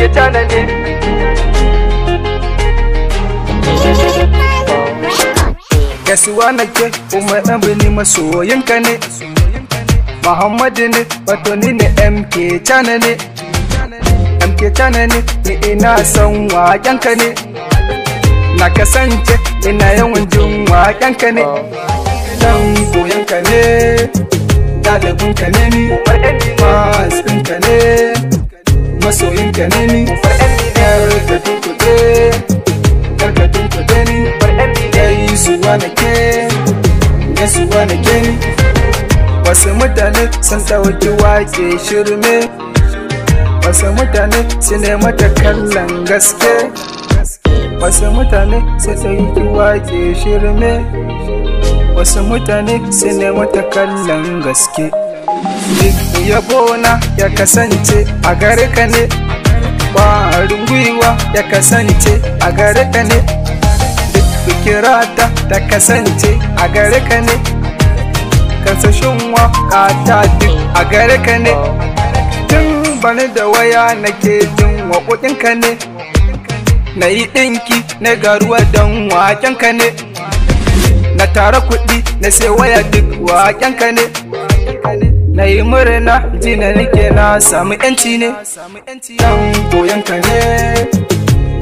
likita na ne Gasuwa nake umar abini masoyinka ne Muhammadu ne wato ni ne MK Chana ne MK Chana ne ni ina son waƙenka ne Na kasance ina yawan jin waƙenka ne Dan koyanka ne Dalibinka ne ni Masinka ne masoyinka ne ni bar yan da tunkuɗe kar ka tunkuɗe ni bar yan yayi suwa nake ya suwa nake ni wasu mutane sun ɗauki wake shirme wasu mutane su ne mata kallon gaske wasu mutane su ɗauki wake shirme wasu mutane su ne mata kallon gaske bona ya kasance a gare ka ne ƙwarin gwiwa ya kasance a gare ka ne duk ta kasance a gare ka ne kasashen waƙata duk a gare ka ne tun bani da waya nake jin ka ne na yi ɗinki na garuwa don ka ne na tara kuɗi na sai waya duk ka ne na yi murna ji na nake na samu yanci ne yan goyon ka ne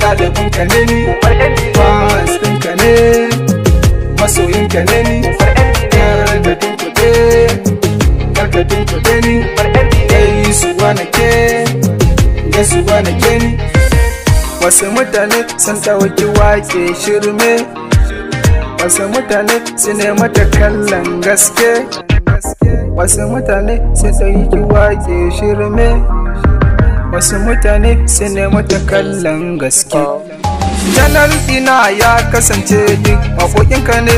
ɗalibin ka ne ni ɗin ka ne masoyin ka ne ni yardadin ku ne yardadin ku ne ni yayi suwa na ke ya suwa na ke ni wasu mutane sun ɗauki wake shirme wasu mutane su ne mata kallon gaske wasu mutane sai yi kiwa ke shirme wasu mutane sai ne mata gaske janar dina ya kasance duk makokinka ne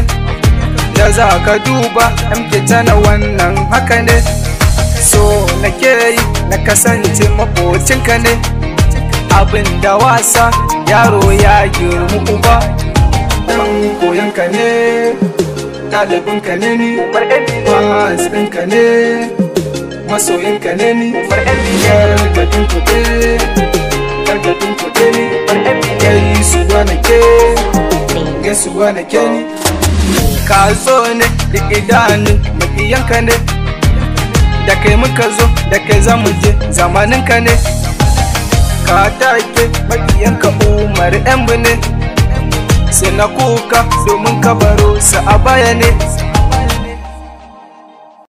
da za ka duba amke tana wannan haka ne so na ke yi na kasance ka ne abin da wasa yaro ya girmu uba ɗan ka ne ka ne ni fans ka ne ka ne ni gargadin ne gargadin ne, ni gaisuwa na ke gaisuwa na ke ni ka zo ne da idanun yanka ne da kai muka zo da kai za mu je ka ne ka take yanka umar 'yan ne sai na kuka domin kabaro sa a baya